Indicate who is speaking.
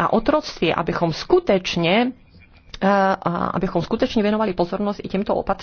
Speaker 1: a otroctví, abychom skutečně eh, abychom skutečně věnovali pozornost i těmto opatřením